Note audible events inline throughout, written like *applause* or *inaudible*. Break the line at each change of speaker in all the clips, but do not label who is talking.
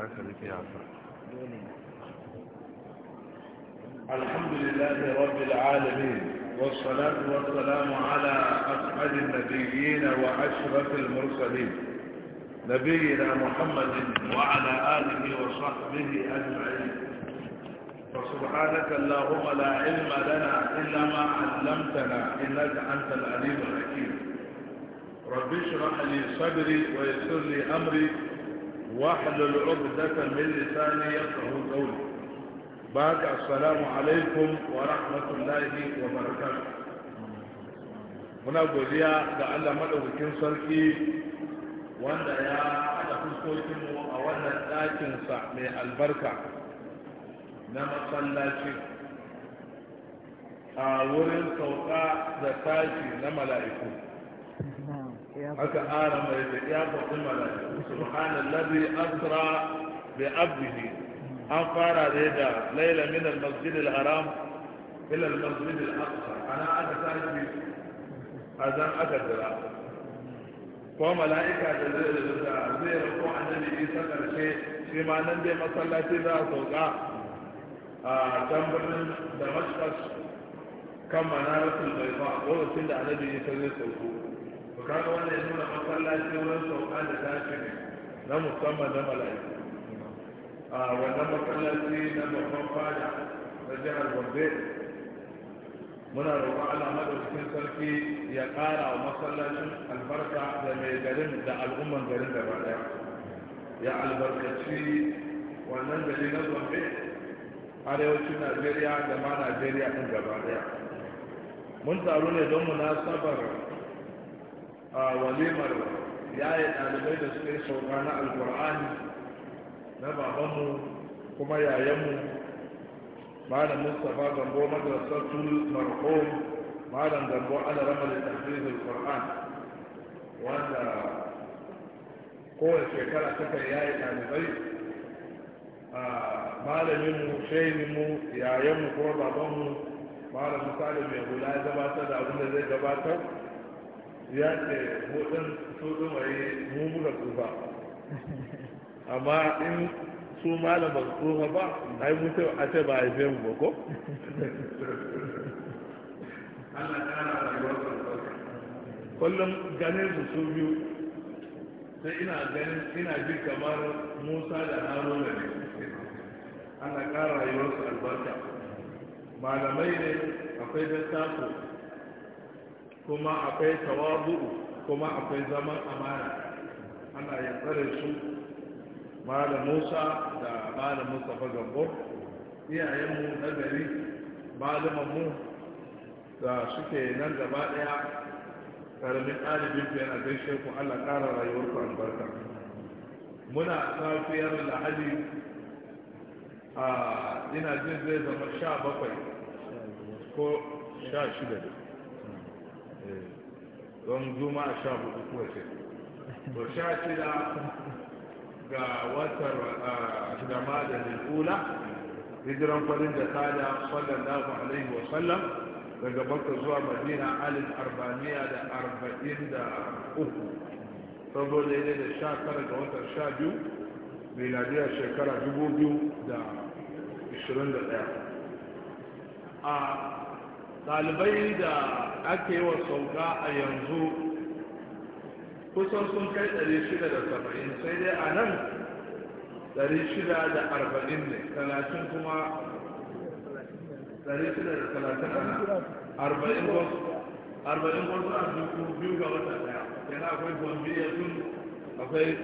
الحمد لله رب العالمين والصلاة والسلام على أسعد النبيين وأشرف المرسلين نبينا محمد وعلى آله وصحبه أجمعين فسبحانك اللهم لا علم لنا إلا ما علمتنا إنك أنت العليم الحكيم رب اشرح لي صدري ويسر لي أمري واحلل عقدة من لساني يفقه قولي بعد السلام عليكم ورحمة الله وبركاته muna godiya ga Allah madaukakin sarki wanda ya haɗa fuskokinmu a wannan ɗakinsa mai albarka na masallaci a wurin sauka da tashi na mala'iku haka ara mai da ya faɗi mala'iku subhanallazi asra bi abdihi an fara dai da laila min al-masjid al-haram ila al-masjid al-aqsa ana aka tashi azan aka jira ko mala'ika da zai rako annabi isa karshe shi ma nan dai masallaci za a sauka a can birnin damascus kan manaratul baifa lokacin da annabi isa zai sauko kaga ya nuna masallaci wurin sauka da tashi ne na musamman na mala'iku a wannan masallaci na babban fada na jihar gombe muna roƙon Allah madaukakin sarki ya ƙara wa masallacin albarka da mai garin da al'umman garin da baya ya albarkaci wannan gari na gombe arewacin najeriya da ma najeriya ɗin gaba ɗaya mun taru ne don munasabar walimar ya yi ɗalibai da suka yi sauka na alkur'ani na babanmu kuma yayanmu malam mustapha gambo madrasatul Marko. malam gambo ala ramar tafsirin qur'an wanda kowace shekara suka yayi ɗalibai malaminmu mu, yayanmu kuma babanmu malam misali mai hula ya gabatar da abin da zai gabatar ya ce hudun su dumaye mu muka tsufa *laughs* amma in su malam ba su ba ai mutu a ce ba a haife mu ba ko *laughs* Allah ta kullum ganin su su biyu sai ina ganin ina ji kamar musa da haruna ne ana ƙara rayuwarsu albarka malamai ne akwai dattako kuma akwai tawabu kuma akwai zaman amana ana ya su malam musa da malam mustapha gambo iyayenmu na gari malamanmu da suke nan gaba daya karamin ɗalibin fiye a gaishe ku allah ƙara rayuwarku albarka muna safiyar lahadi a ina jin zai zama sha bakwai ko sha shida Eh, don a sha hudu kuwa ce to sha shida ga watar ah, da madan hijiran farin da tada dafa alaihi wa sallam daga baka zuwa madina alif arba'amiya da arba'in da uku saboda ne da sha tara ga watar sha biyu miladiyar shekara dubu biyu da ishirin da ɗaya a ah, ɗalibai da ake yi wa sauka a yanzu kusan sun kai 670 sai dai a nan 640 ne talatin kuma 630 arba'in wasu a duku biyu ga wata daya yana akwai gombe ya sun akwai yi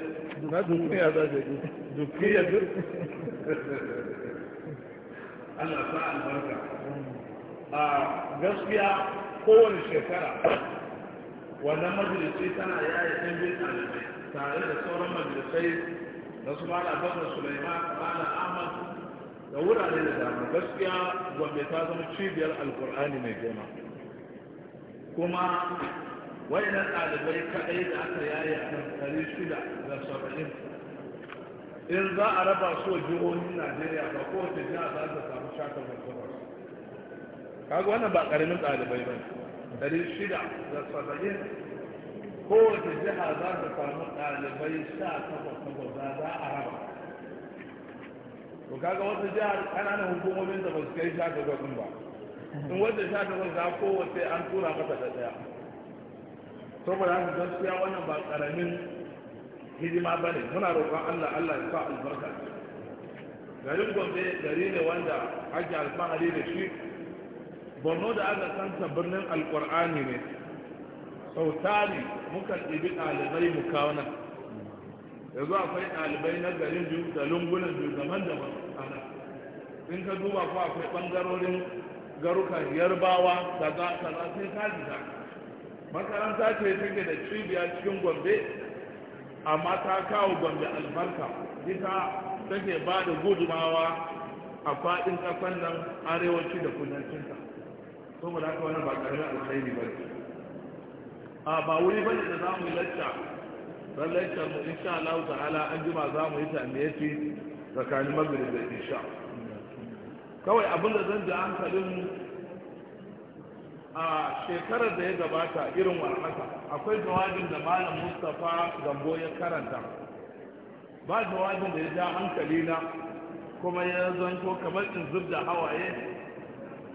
dukiya duk *laughs* Allah sa albarka a gaskiya kowane shekara wannan majalisi tana yi ɗan bin tare da sauran majalisai da su mana bakar suleiman mana ahmad da wurare da dama gaskiya wanda ta zama cibiyar alkur'ani mai goma kuma wayannan ɗalibai kaɗai da aka yaye a kan ɗari shida da saba'in in za a raba su jihohin najeriya ba kowace jiha za ta samu shakar da kaga wannan ba karamin dalibai ba dari shida da ko da jiha za ta samu dalibai sha takwas takwas za za a raba to kaga wata jihar ƙananan hukumomin da ba su kai sha takwas din ba in wata sha takwas za ko kowace an tura mata da ɗaya saboda haka gaskiya wannan ba karamin hidima ba ne muna roƙon Allah Allah ya sa albarka garin Gombe gari ne wanda ake alfahari da shi borno da aka santa birnin alkur'ani ne sau tari muka ɗibi ɗalibai mu kawo nan yanzu akwai ɗalibai na garin biyu da lungunan biyu daban daban a nan in ka duba ko akwai ɓangarorin garukan yarbawa a kaza sai ka jita makaranta ce take da cibiya cikin gombe amma ta kawo gombe albarka ita take ba da gudumawa a faɗin ƙasar nan arewaci da kudancinta saboda haka wani ba karamin alkhairi ba ne a ba wuri ba ne da za mu yi lacca don lacca mu sha Allah ta'ala an ba za mu yi ta me yace tsakanin magrib da insha kawai abin da zan ji hankalin a shekarar da ya gabata irin warhaka akwai jawabin da malam mustapha gambo ya karanta ba jawabin da ya ja hankali na kuma ya zanto kamar in zub da hawaye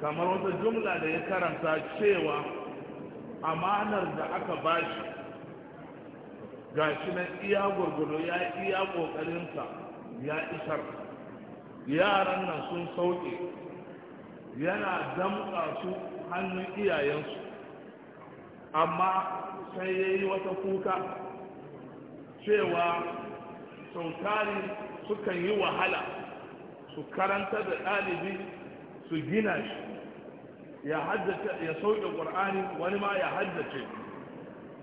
kamar wata jumla da ya karanta cewa amanar da aka bashi shi nan iya gurgudu ya iya ƙoƙarinsa ya isar yaran nan sun sauke yana damƙa su hannun iyayensu amma sai ya yi wata kuka cewa sautari sukan yi wahala su karanta da ɗalibi su gina shi ya haddace ya sauke qur'ani wani ma ya haddace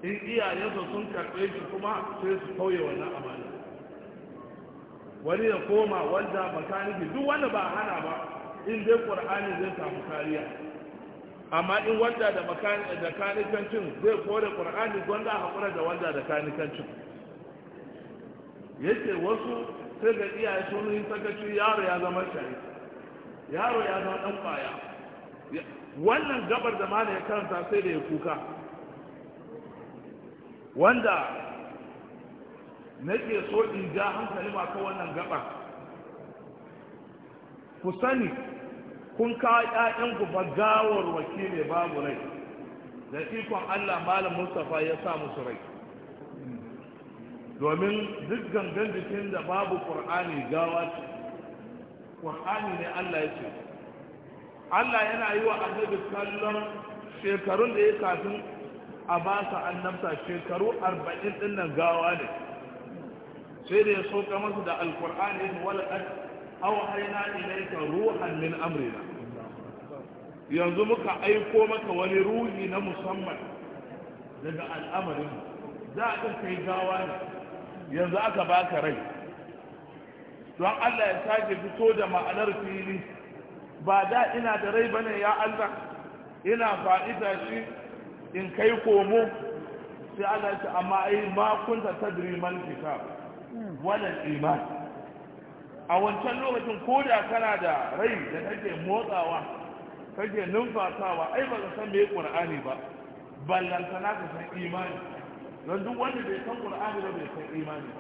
in iyayensa sun karbe shi kuma sai su kauye wannan amana wani ya koma wanda makaniki duk wanda ba hana ba in dai qur'ani zai samu kariya amma in wanda da da kanikancin zai kore qur'ani gonda hakura da wanda da kanikancin yace wasu sai ga iyaye sun yi sakaci yaro ya zama shari yaro ya zama dan baya wannan gabar da mana ya karanta sai da ya kuka wanda na ke so in ga hankali ma ka wannan gabar ku sani kun kawo ƴaƴan ku ba gawar wakili babu rai da ikon Allah malam Mustapha ya sa musu rai domin duk gangan jikin da babu Qur'ani gawa ce Qur'ani ne Allah ya ce Allah yana yi wa annabi kallon shekarun da ya kafin a ba sa annabta shekaru arba'in din nan gawa ne sai da ya soka masa da alkur'ani wala qad awhayna ilayka ruhan min amrina yanzu muka aiko maka wani ruhi na musamman daga al'amarin za a kai gawa ne yanzu aka baka rai don Allah ya sake fito da ma'anar fili ba da ina da rai bane ya Allah ina fa'ida shi in kai komo sai Allah ya ce amma ai ma kunta tadri man kitab wala iman a wancan lokacin ko da kana da rai da kake motsawa kake numfasawa ai ba ka san me qur'ani ba na ka san imani don duk wanda bai san qur'ani ba bai san imani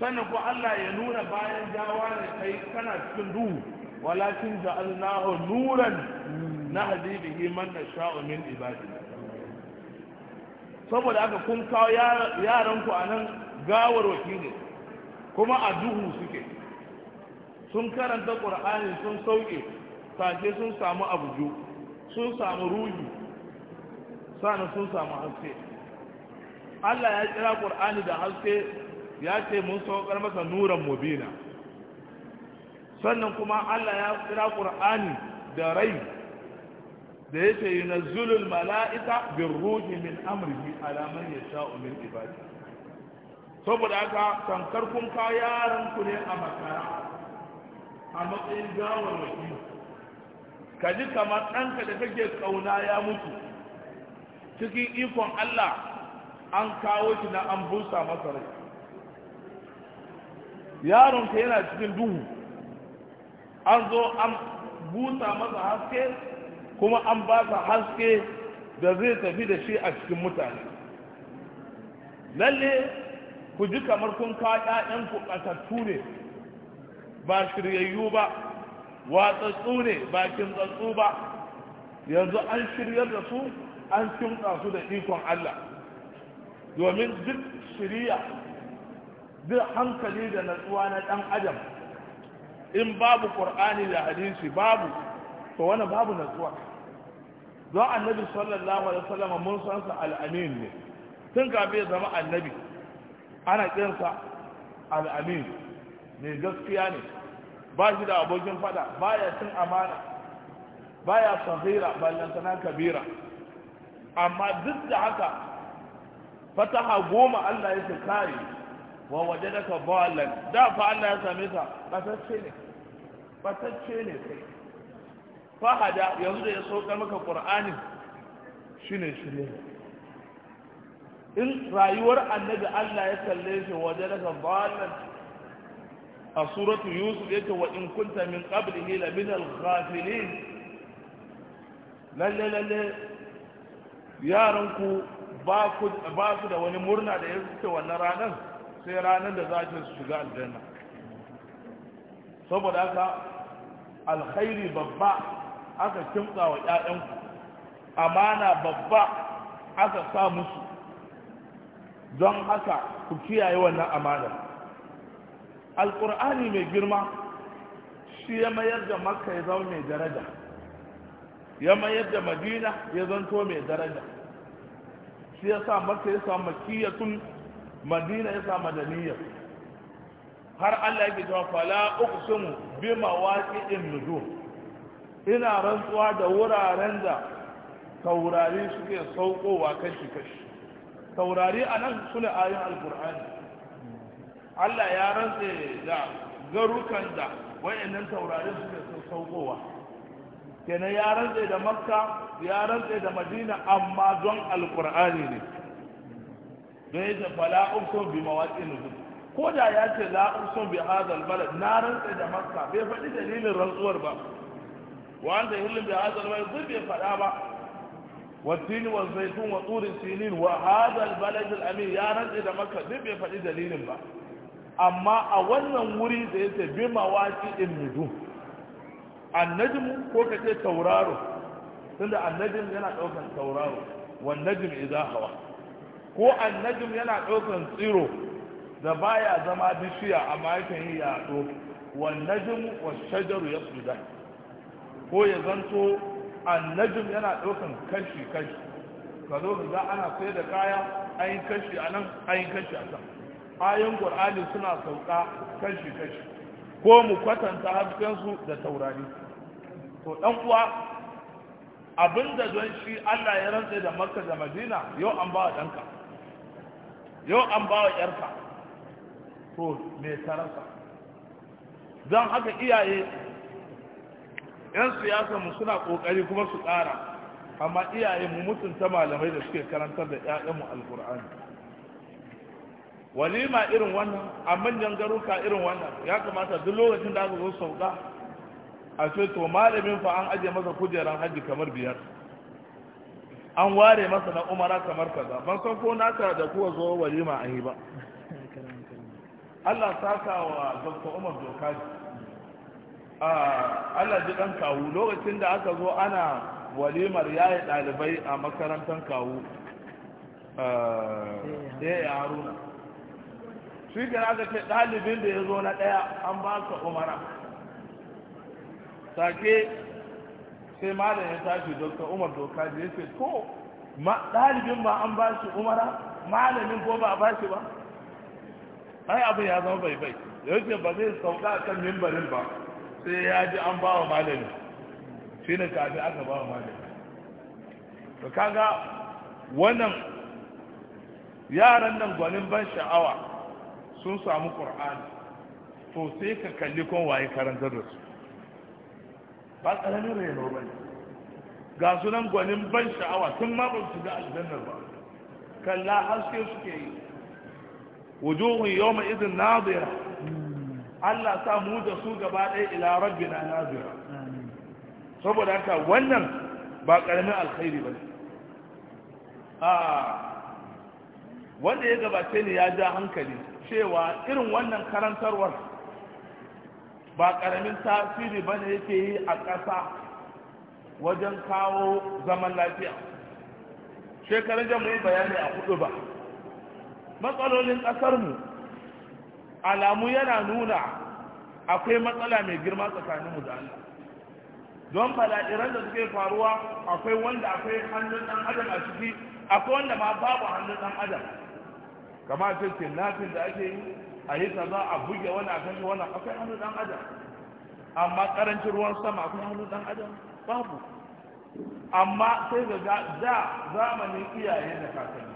sannan ko Allah ya nuna bayan jawa ne kai kana cikin duhu walakin ja'alnahu nuran nahdi bihi man nasha'u min ibadina saboda haka kun kawo yaran ku anan gawar wakili kuma a duhu suke sun karanta ƙur'ani, sun sauke sashe sun samu abuju sun samu ruhi sana sun samu haske Allah ya kira ƙur'ani da haske ya ce mun saukar masa nuran mubina sannan kuma Allah ya kira Qur'ani da rai da yake yunazzulul mala'ika ruhi, min amrihi ala man yasha'u min ibadi saboda haka tankar kun ka yaran ku ne a makara a matsayin gawar waki ka ji kamar ɗanka da kake kauna ya mutu cikin ikon Allah an kawo shi na an busa masa rai yaronka yana cikin duhu an zo an busa masa haske kuma an ba sa haske da zai tafi da shi a cikin mutane lalle ku ji kamar kun kawo ‘ya'yanku ƙasassu ne ba shiryayyu ba watsatsu ne ba kintsatsu ba yanzu an shiryar da su an kimtsa su da ikon Allah domin duk shirya duk hankali da natsuwa na ɗan adam in babu qur'ani da hadisi babu to wani babu natsuwa don annabi sallallahu alaihi wasallam mun san sa al ne tun kafin ya zama annabi ana kiransa al-amin ne gaskiya ne ba shi da abokin fada ya cin amana Ba baya sahira ballantana kabira amma duk da haka fataha goma Allah ya kare wa waje daga ballan da fa Allah ya same ka batacce ne batacce ne kai fahada yanzu da ya sauka maka qur'anin shine shirye in rayuwar annabi Allah ya kalle shi waje daga ballan a suratu yusuf yake wa in kunta min qablihi la min al-ghafilin lalle lalle yaranku ba ku da wani murna da ya ce wannan ranar sai ranar da za su shiga aljanna saboda haka alkhairi babba aka kimtsa wa ƴaƴanku amana babba aka sa musu don haka ku kiyaye wannan amana alkur'ani mai girma shi ya mayar da makka ya zama mai daraja ya mayar da madina ya zanto mai daraja shi ya sa makka ya samu makiyatun madina ya sa madaniya har Allah yake cewa fala uqsimu bima waqi'in nujum ina rantsuwa da wuraren da taurari suke saukowa kashi kashi taurari anan sune ayoyin alqur'ani Allah ya rantse da garukan da wayannan taurari suke saukowa kenan ya rantse da makka ya rantse da madina amma don alqur'ani ne don yake fala uqsum bi mawaqi nuzul ko da ya ce la uqsum bi hadha balad na rantsa da makka bai faɗi dalilin rantsuwar ba wa anta hillu bi hadha al balad bai faɗa ba والتين والزيتون وطور السنين وهذا البلد Amin ya رجل da makka zai bai faɗi dalilin ba amma a wannan wuri da yake bi mawaki in nudu annajmu ko kace tauraro tunda annajm yana daukan tauraro wan najm idza hawa ko annajum yana ɗaukan tsiro da baya zama bishiya amma yakan yi yaɗo wannajum wa shajaru ya tsuda ko ya zanto annajum yana ɗaukan kashi kashi ka zo ka ga ana sai da kaya an yi kashi a nan an yi kashi a can ayin ƙur'ani suna sauka kashi kashi ko mu kwatanta haskensu da taurari to ɗan uwa abinda don shi Allah ya rantse da Makka da Madina yau an ba ɗanka. yau an ba wa yarsa to mai tararsa don haka iyaye yan siyasa mu suna ƙoƙari kuma su ƙara amma iyaye mu mutunta malamai da suke karantar da 'ya'yanmu alkur'ani walima irin wannan a manyan garuka irin wannan ya kamata duk lokacin da aka zo sauka a ce to malamin fa an ajiye masa kujeran hajji kamar biyar an ware masa na umara kamar kaza ban san ko naka da kuwa zo walima a yi ba Allah saka wa Dr. Umar Dokaji ah, Allah ji dan kawu lokacin da aka zo ana walimar yayi dalibai a makarantar kawu eh ya haruna shi ga aka ce dalibin da ya zo na daya an ba ka umara sake sai malam ya tashi dokta umar doka da ya ce ko ɗalibin ba an ba shi umara malamin ko ba a ba shi ba ai abin ya zama bai bai da yake ba zai sauka a kan mimbarin ba sai ya ji an ba wa malami shi ne kafin aka ba wa malami to kaga wannan yaran nan gwanin ban sha'awa sun samu ƙur'ani to sai ka kalli kon waye karantar da su ba ƙaramin reno ba ne ga sunan gwanin ban sha'awa tun ma ba su ga aljannar ba kalla haske suke yi wujuhun yau mai izin nazira Allah sa mu da su gaba ɗaya ila na nazira saboda haka wannan ba ƙaramin alkhairi ba ne wanda ya gabace ne ya ja hankali cewa irin wannan karantarwar ba karamin tasiri ba ne yake yi a ƙasa wajen kawo zaman lafiya shekarun jami'in bayani a hudu ba matsalolin ƙasarmu alamu yana nuna akwai matsala mai girma tsakaninmu da Allah don fada'iran da suke faruwa akwai wanda akwai hannun ɗan adam a ciki akwai wanda ma babu hannun ɗan adam kamar cikin nafin da ake yi a yi za a buge wani a kashe wani akwai hannu dan adam amma karancin ruwan sama akwai hannu dan adam babu amma sai ga da zamanin iyaye da kakanni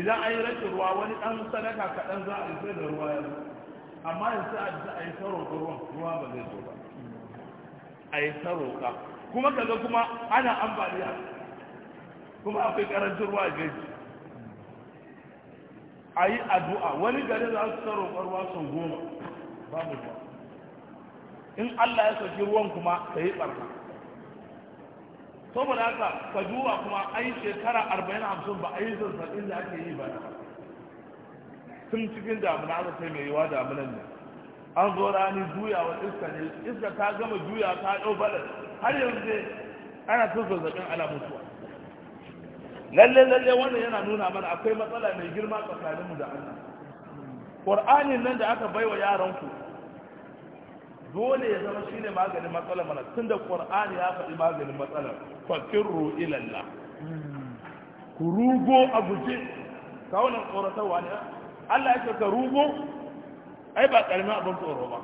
idan an yi rashin ruwa wani dan sadaka kaɗan za a yi sai da ruwa ya amma yanzu a ji a yi saro ruwan ruwa ba zai zo ba a yi ta roƙa, kuma kaga kuma ana ambaliya kuma akwai karancin ruwa a gaji a yi addu'a wani gari za su tsaro ruwa sun goma babu ruwa in Allah ya saki ruwan kuma ka yi ɓarna saboda haka ka duba kuma ai shekara arba'in hamsin ba a yi zazzabin da ake yi ba tun cikin damuna aka sai mai yiwa damunan ne an zo rani juyawa iska ne iska ta gama juya ta ɗau balas har yanzu ana ta zazzabin ala mutuwa lalle lalle wannan yana nuna mana akwai matsala mai girma tsakanin mu da Allah Qur'anin nan da aka baiwa yaran ku dole ya zama shine maganin matsalar mana tunda Qur'ani ya faɗi maganin matsalar fakirru ila Allah ku rugo a guje kawunan tsoratarwa ne Allah ya ce ka rugo ai ba karamin abin tsoro ba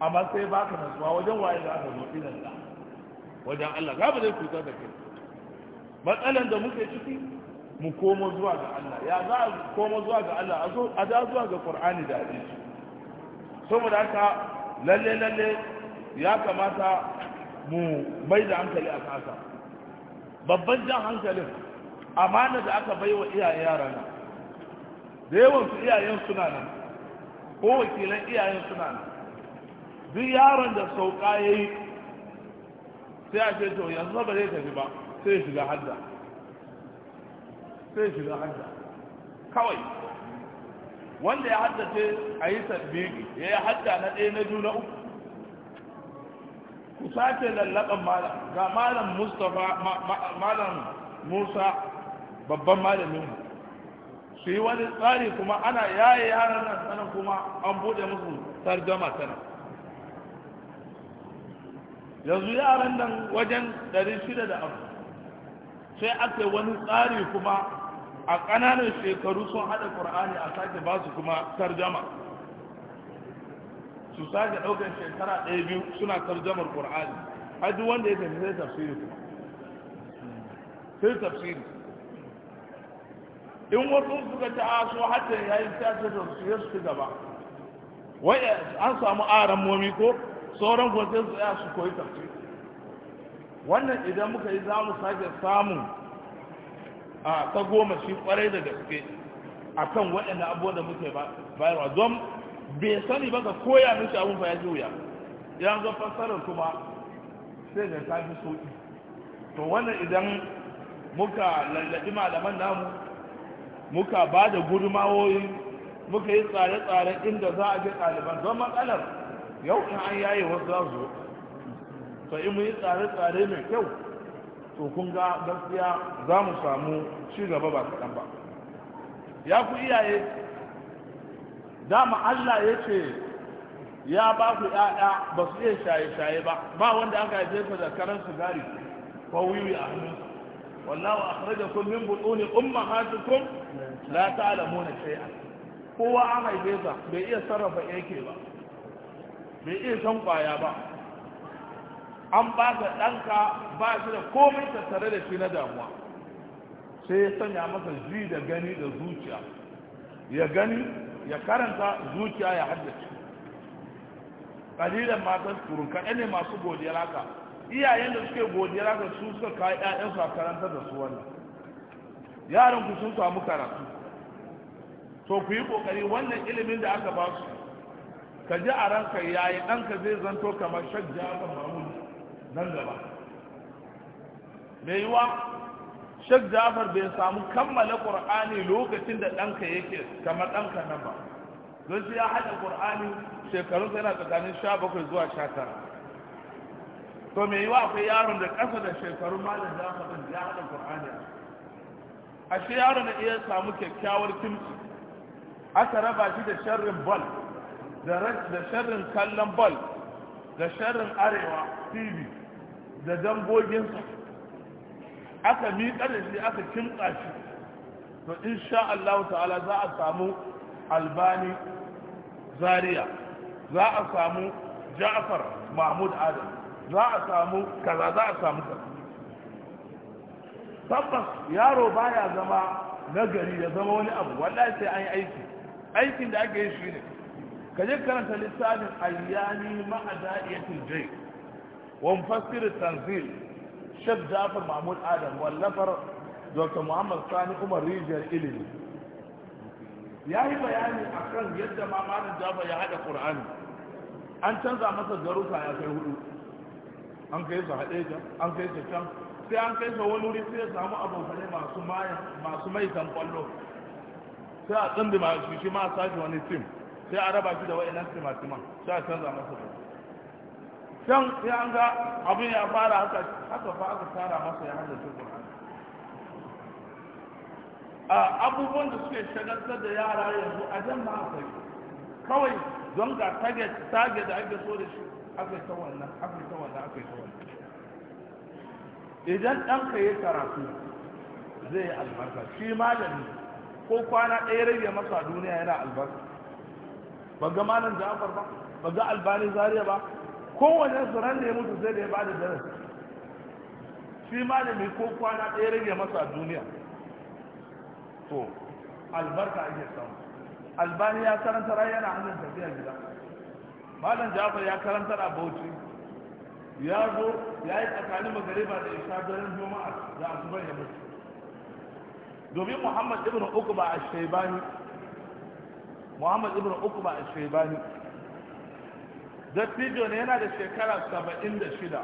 amma sai ba ka nasuwa wajen waye za ka zo ila Allah wajen Allah ga ba zai cutar da kai matsalan da muke ciki mu komo zuwa ga Allah ya za a komo zuwa ga Allah a zo a da zuwa ga Qur'ani da hadisi saboda haka lalle lalle ya kamata mu mai da hankali a kasa babban jan hankalin amana da aka baiwa iyaye yaran da yawan su iyayen suna nan ko wakilan iyayen suna nan duk yaron da sauka yayi sai a ce to yanzu ba zai tafi ba sai shiga hadda sai shiga hadda kawai wanda ya haddace a yi tasbiki ya yi hadda na ɗaya na juna uku ku sake lallaɓan malam ga malam mustapha malam musa babban malamin su yi wani tsari kuma ana yaye yaran nan sanan kuma an buɗe musu tarjama sana yanzu yaran nan wajen 600 da abu sai aka yi wani tsari kuma a ƙananan shekaru sun haɗa ƙur'ani a sake ba su kuma tarjama su sake ɗaukar shekara ɗaya biyu suna tarjamar ƙur'ani haji wanda ya tafi sai tafsiri kuma sai tafsiri in wasu suka ta aso ah, hatta ya yi da su ya su gaba wai an samu aran momi ko sauran kwanci su ya su koyi tafsiri wannan idan muka yi za mu sake samun a ta goma shi kwarai da gaske a kan waɗanda abuwa da muke bayarwa don bai sani ba ka koya mishi abin ba ya ji wuya ya zo fassarar kuma sai da ta fi sauƙi to wannan idan muka lallaɓi malaman namu muka ba da gudumawoyi muka yi tsare-tsare inda za a je ɗaliban don matsalar yau in an yaye wasu za su to in muyi yi tsare-tsare mai kyau to kun ga gaskiya za mu samu ci gaba ba kaɗan ba ya ku iyaye dama Allah ya ce ya ba ku ‘ya'ya ba su iya shaye-shaye ba ba wanda aka haife su da karan sigari ko wiwi a hannunsu wallahu akhrajakum min butuni ummahatikum la ta'lamuna shay'an kowa an haife sa bai iya sarrafa yake ba bai iya san kwaya ba an ba ka ɗanka ba shi da komai ta tare da shi na damuwa sai ya sanya masa ji da gani da zuciya ya gani ya karanta zuciya ya haddace Ƙalilan matan turun kaɗan ne masu godiya haka iyayen da suke godiya haka su suka kayi su a karanta da su wannan yaran ku sun samu karatu to ku yi ƙoƙari wannan ilimin da aka ba su ka ji a ranka yayi ɗanka zai zanto kamar shak mamu nan gaba mai yiwa shek jafar bai samu kammala ƙur'ani lokacin da ɗanka yake kamar ɗanka nan ba don shi ya haɗa qur'ani shekarunsa yana tsakanin sha bakwai zuwa sha tara to mai yiwa akwai yaron da ƙasa da shekarun malam jafar ɗin ya haɗa a shi yaron da iya samu kyakkyawar kimci aka raba shi da sharrin bal da sharrin kallon bal da sharrin arewa tv da dangoginsa aka miƙar da shi aka kimƙa shi to insha Allah ta'ala za a samu albani zaria za a samu ja'far mahmud adam za a samu kaza za a samu kaza tabbas yaro baya zama nagari ya zama wani abu wallahi sai an yi aiki aikin da ake yi shi ne ka je karanta lissafin ayyani ma'ada ma'ada'iyatul jai ومفسر التنزيل شيخ جعفر Mahmud Adam wallafar Dr. Muhammad Sani Umar rijiyar ilimi ya yi bayani a kan yadda mamanin jaba ya haɗa ƙur'ani an canza masa garuka ya kai hudu an kai su haɗe can, an kai su can sai an kai su wani wuri sai ya samu abokanai masu masu mai san kwallo sai a tsindi ma shi ma sashi wani tim sai a raba shi da nan timan sai a canza masa garuka can sai an ga abin ya fara haka haka fa aka tara masa ya hada Qur'ani a abubuwan da suke shagaltar da yara yanzu a jan ma aka yi kawai don ga target target da ake so da shi aka yi ta wannan aka yi ta wannan aka yi ta wannan idan ɗanka ya karatu zai yi albarka shi malami ko kwana ɗaya rage masa duniya yana albarka ba ga malam jafar ba ba ga albani zariya ba kowane su ran da ya mutu sai da ya bada darasi shi malami ko kwana ɗaya rage masa a duniya to albarka ake samu albani ya karanta rai yana hannun tafiya gida malam jafar ya karanta a bauchi ya zo ya yi tsakanin magariba da isha daren juma'a da asubar ya mutu domin muhammad ibn uku ba a shaibani muhammad ibn uku ba a shaibani dattijo ne yana da shekara saba'in da shida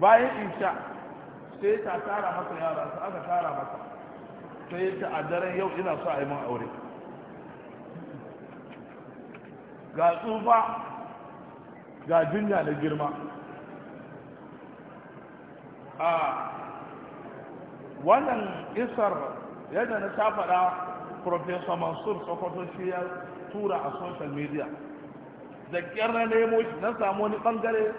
bayan isha sai ta tara masa yara su aka tara masa sai yi ta a yau ina so a yi man aure ga tsufa ga jinya da girma a wannan isar yadda na ta faɗa professor mansur sokoto shi ya tura a social media da kyar na nemo shi na samu wani bangare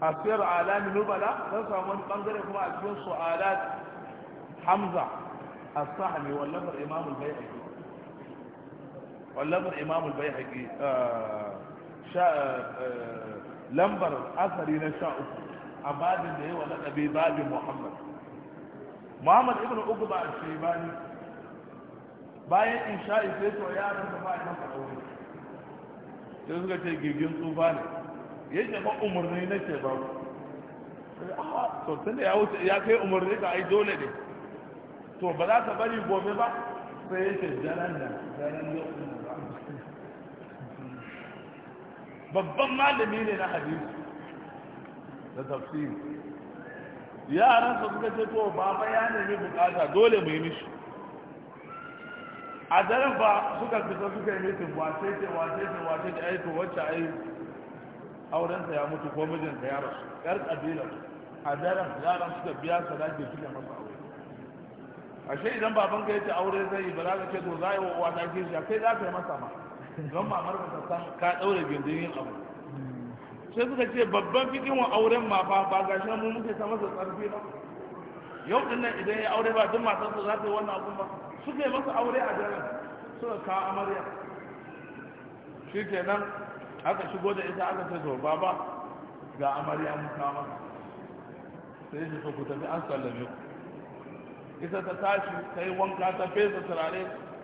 a siyar alamin nubala na samu wani bangare kuma a cikin su'alat hamza a sahami wallafar imamul bai haƙi wallafar imamul bai haƙi lambar asari na sha uku a babin da yawa laƙabi babin muhammad muhammad ibn uku ba a shebani bayan in sha'i sai to yaran da ba a kan aure sai suka ce gigin tsufa ne ya ce ba umarni na ce ba ah, to tunda ya wuce ya kai umarni ka ai dole ne to ba za ka bari gobe ba sai ya ce jaran da jaran nan babban malami ne na hadisi da tafsiri yaran su suka ce to baba ya nemi bukata dole mu yi mishi a daren ba suka fita suka yi mitin wace ce wace ce wace ce aiki wacce ai aurensa ya mutu ko mijinta ya rasu yar kabila a daren yaran suka biya sadaki suka masa aure ashe idan baban ka yace aure zai yi ba za ka ce to za yi wa uwa ta A kai za ka yi masa ma don mamar ka ta san ka daure gindin yin abu sai suka ce babban fikin wa auren ma ba ba gashi mu muke ta masa tsarfi ba yau din nan idan ya aure ba duk matan su za ta yi wannan abun ba suka yi masa aure a daren suka kawo amarya shi ke nan aka shigo da ita aka ce to baba ga amarya mu kawo sai shi so ku tafi an sallame ku ita ta tashi ta yi wanka ta fesa turare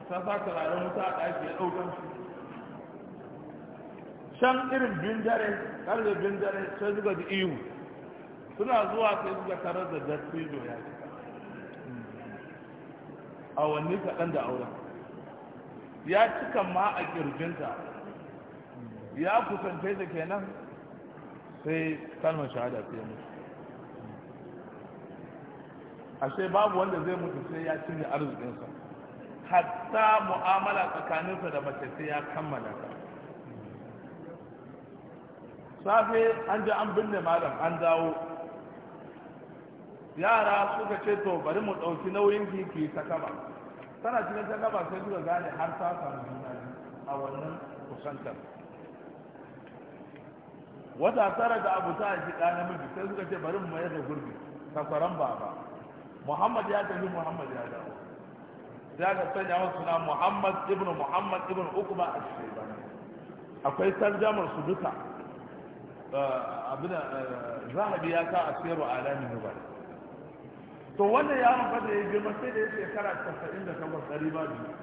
ta sa turare mu a ɗaki ya ɗaukan shi can irin bindare ƙarfe bindare sai suka ji ihu suna zuwa sai suka tarar da dattijo ya a awanni kaɗan da auren ya cika ma a ƙirjinta ya kusance da kenan sai kalmar shahada sai ya mutu ashe babu wanda zai mutu sai ya cinye arzikinsa hatta mu'amala tsakaninsa da mace sai ya kammala ta safe an ji an binne malam an dawo yara suka ce to bari mu ɗauki nauyin kiki ta kaba tana cikin ta kaba sai suka gane har ta samu juna a wannan kusantar wata tara da abu ta shi ɗa namiji sai suka ce bari mu mayar da gurbi kasaran baba muhammad ya tafi muhammad ya dawo sai aka sanya wasu suna muhammad ibn muhammad ibn ukuma a cikin akwai tarjamar su duka eh, abin eh, zahabi ya ka a siyarwa alamin nubari to wannan yaron ba da ya girma sai da ya shekara casa'in da takwas ɗari ba biyu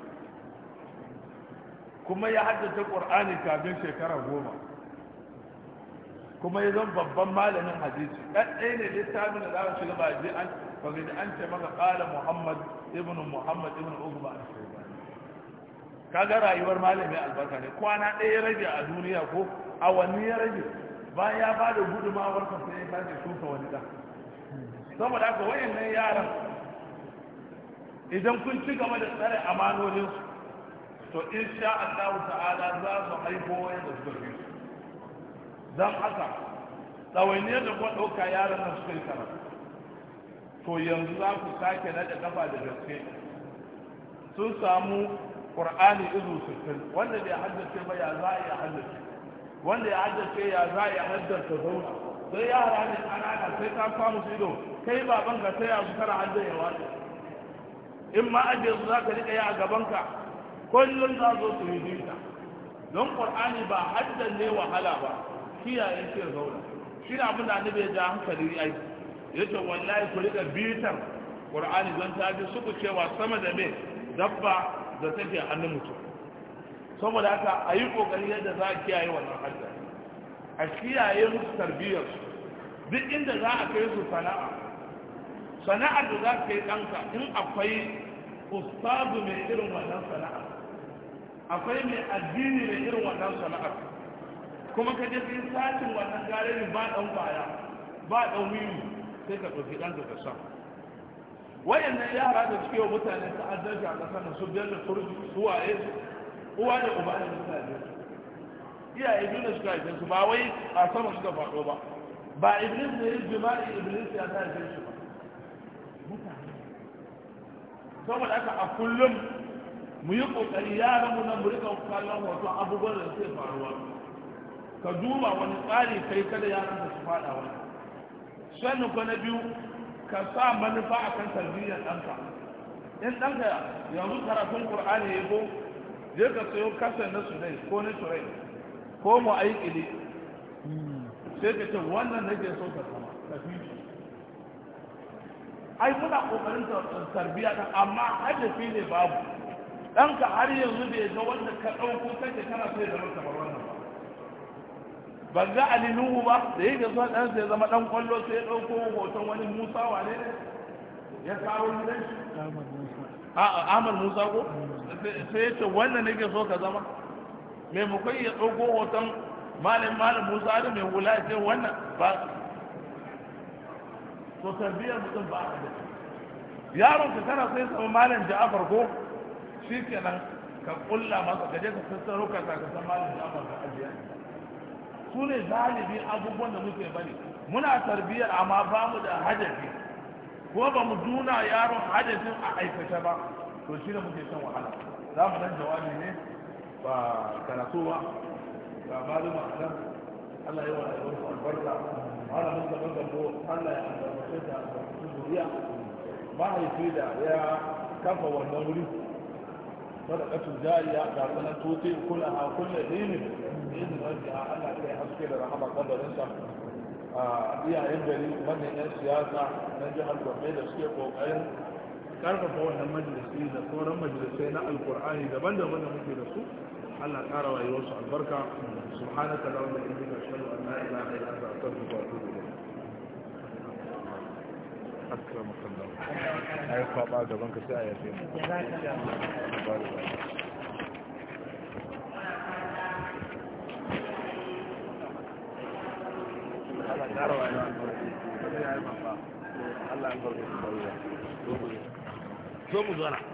kuma ya haddace ƙur'ani kafin shekara goma kuma ya zan babban malamin hadisi ɗaya ne littafin da za a shiga ba a je an faga da an ce maka ƙala muhammad ibn muhammad ibn ugba a kaga rayuwar malami albasa ne kwana ɗaya ya rage a duniya ko awanni ya rage bayan ya ba da gudumawarsa sai ya sake shuka wani ɗan saboda haka wayannan yaran idan kun ci gaba da tsare amanonin to insha Allah ta'ala za su haifo wayanda suka fi dan haka ɗawainiyar da kuma ɗauka yaran nan suka yi karatu to yanzu za ku sake naɗa kafa da gaske sun samu ƙur'ani izu sittin wanda bai haddace ba ya za a iya haddace wanda ya haddace ya za a iya haddace zauna don yara ne ƙanana sai ka samu su kai baban ka sai a su kana an ya wace in ma aje su za ka riƙa yi a gaban gabanka kullum za zo su yi don ƙur'ani ba haddan ne wahala ba kiyaye ke zauna shi na abin da ja hankali ai ya ce wallahi ku riƙa bitar ƙur'ani don ta ji suku cewa sama da me dabba da take hannun mutum saboda haka a yi ƙoƙari yadda za a kiyaye wannan haddan a kiyaye musu tarbiyyar duk inda za a kai su sana'a sana'ar da za ka yi ɗanka in akwai ustazu mai irin wannan sana'a akwai mai addini mai irin wannan sana'ar kuma ka je ka yi satin wannan garejin ba ɗan baya ba ɗan wiwi sai ka ɗauki ɗanka ka sa wayannan yara da suke wa mutane shi a ƙasar su biyar da turji su waye uwa da uba da mutane iyaye biyu da suka haife su ba wai a sama suka faɗo ba ba iblis ne yin jima'i iblis ya ta haife su ba saboda aka a kullum mu yi kokari ya mu na mu rika kallon wato abubuwan da suke faruwa ka duba wani tsari kai kada yaran ka su faɗa wani sannan ko na biyu ka sa manufa a kan tarbiyyar ɗanka in ɗanka yanzu karatun ƙur'ani ya ko je ka sayo kasar na sunai ko na turai ko mu aiki ne sai ka ce wannan nake so ka sama ka fi ai muna kokarin tarbiya ta amma hadafi ne babu ɗanka har yanzu bai ga wanda ka ɗauko kake kana sai da masa bar wannan ban ga Ali Nuhu ba da yake son ɗan sai zama ɗan kwallo sai ya ɗauko hoton wani Musa wane ne ya kawo gidan shi Ahmad Musa ko sai ya ce wannan nake so ka zama maimakon ya tsogo hoton malin malin musa da mai wula ce wannan ba to tarbiyyar mutum ba a da yaron ka kana sai sama malin ja'afar ko shi kenan ka kulla masa ka je ka sassaro ka ka san malin ja'afar ka ajiya su ne galibi abubuwan da muke bari muna tarbiyyar amma ba mu da hadafi ko ba mu duna yaron hadafin a aikata ba to shi da muke son wahala za mu nan jawabi ne فكنتوها فماذا ما أحلم ألا يوى يوصى البرد وعلى مدى قد أبوه ألا يحضر مشيطة ما هي فيدا يا كفا والنوري صدقة جاية دعونا توتي كلها كل دين بإذن رجعها ألا كي حسكي لرحمة قدر إنسا آه، يا إبري من هي السياسة نجح الوحيد السيق وقعين كارفا فوحنا مجلسي لصورة مجلسينا القرآن إذا بندوا من المجلسون حل الحارة ويوسع البركة سبحانك لهم لإنك أشهد أن لا إله إلا أنت أستغفرك وأتوب إليك أكرمك الله أيها بعد بنك الساعة يا الله الله الله الله الله الله الله الله